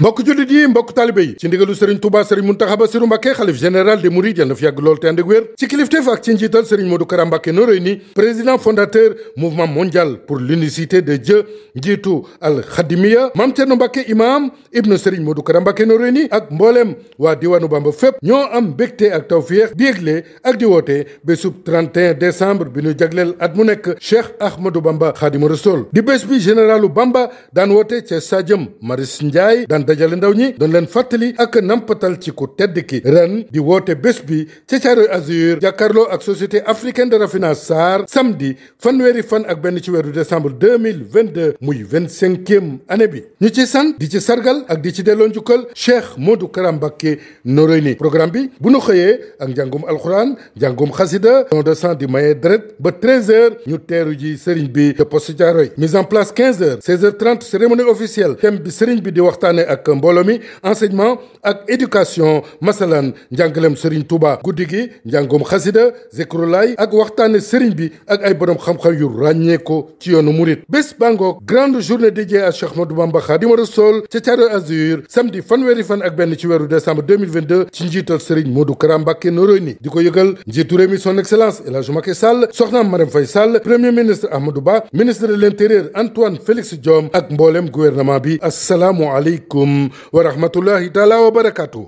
mbokk julit yi mbokk talibe yi ci ndigalu serigne Touba serigne Muntaxa Basiru Mbàkke xalif général des mourides yàlla fi yàgg lool te ànd ak wér ci kilifteef ak ci njiital serigne Modou Kara no président fondateur mouvement mondial pour l'unicité de Dieu njiitu al Khadimia. mam Cerno Mbàkke imam ibnu serigne Modou Kara no ni ak mbooleem waa diwaanu Bamba fépp ñoo am mbégte ak tawféex di besub ak di woote bésub 31 décembre bi ñu at mu nekk Cheikh Ahmadou Bamba Khadimu Rasul di bés bi généralu Bamba daan woote ca Sadiam Maris Ndiaye dajale ndaw ñi doon leen fàttali ak nampatal ci ku tedd ki ren di woote bés bi ci Caaroy Azur jàkkaarloo ak société africaine de raffinage SAR samedi fanweeri fan ak benn ci weeru décembre 2022 muy vingt-cinquième année bi ñu ci sant di ci sargal ak di ci delloo njukkal Cheikh Modou Kara Mbacké Noreyni programme bi bu nu xëyee ak njàngum alxuraan njàngum xasida de sang di maye deret ba 13 heures ñu teeru ji sëriñ bi de poste Caaroy mise en place 15 heures 16 heures 30 cérémonie bi di waxtaane ak ak enseignement ak éducation masalan njangalem Serigne Touba guddi gi njàngum xasida zikrulaay ak waxtane Serigne bi ak ay borom xam-xam yu ci grande journée dédiée à Cheikh modou Bamba ci tiaro Azur samedi fanweeri fan ak ben ci décembre 2022 ci njiital Serigne Modou Kara Mbacké Noreyni di diko yëgal son excellence El Hadj Macky Sall soxnaam Marème premier ministre ahmadou Ba ministre de l'intérieur Antoine Félix Djom, ak mbollem gouvernement bi alaykum عليكم ورحمة الله تعالى وبركاته